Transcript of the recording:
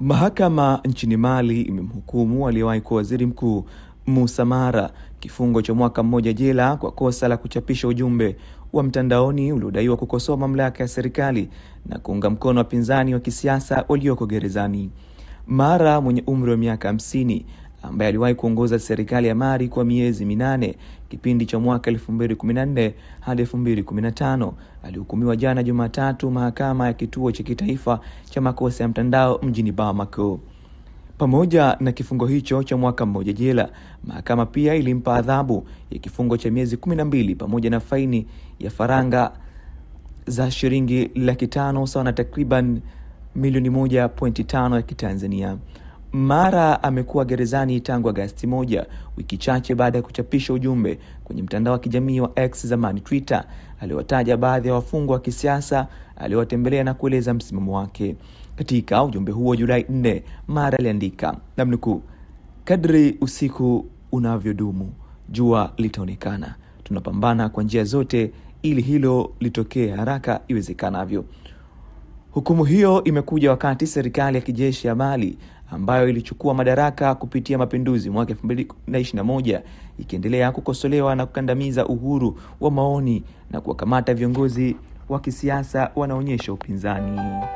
Mahakama nchini Mali imemhukumu aliyewahi kuwa waziri mkuu musa Mara kifungo cha mwaka mmoja jela kwa kosa la kuchapisha ujumbe wa mtandaoni uliodaiwa kukosoa mamlaka ya serikali na kuunga mkono wapinzani wa kisiasa walioko gerezani. Mara mwenye umri wa miaka hamsini ambaye aliwahi kuongoza serikali ya Mari kwa miezi minane kipindi cha mwaka 2014 hadi 2015 alihukumiwa jana Jumatatu mahakama ya kituo cha kitaifa cha makosa ya mtandao mjini Bamako. Pamoja na kifungo hicho cha mwaka mmoja jela, mahakama pia ilimpa adhabu ya kifungo cha miezi kumi na mbili pamoja na faini ya faranga za shilingi laki tano sawa na takriban milioni moja pointi tano ya Kitanzania. Mara amekuwa gerezani tangu Agasti moja, wiki chache baada ya kuchapisha ujumbe kwenye mtandao wa kijamii wa X zamani Twitter, aliwataja baadhi ya wafungwa wa kisiasa aliowatembelea na kueleza msimamo wake. Katika ujumbe huo Julai 4, Mara aliandika namnukuu, kadri usiku unavyodumu jua litaonekana. Tunapambana kwa njia zote ili hilo litokee haraka iwezekanavyo. Hukumu hiyo imekuja wakati serikali ya kijeshi ya Mali ambayo ilichukua madaraka kupitia mapinduzi mwaka 221 ikiendelea kukosolewa na kukandamiza uhuru wa maoni na kuwakamata viongozi wa kisiasa wanaonyesha upinzani.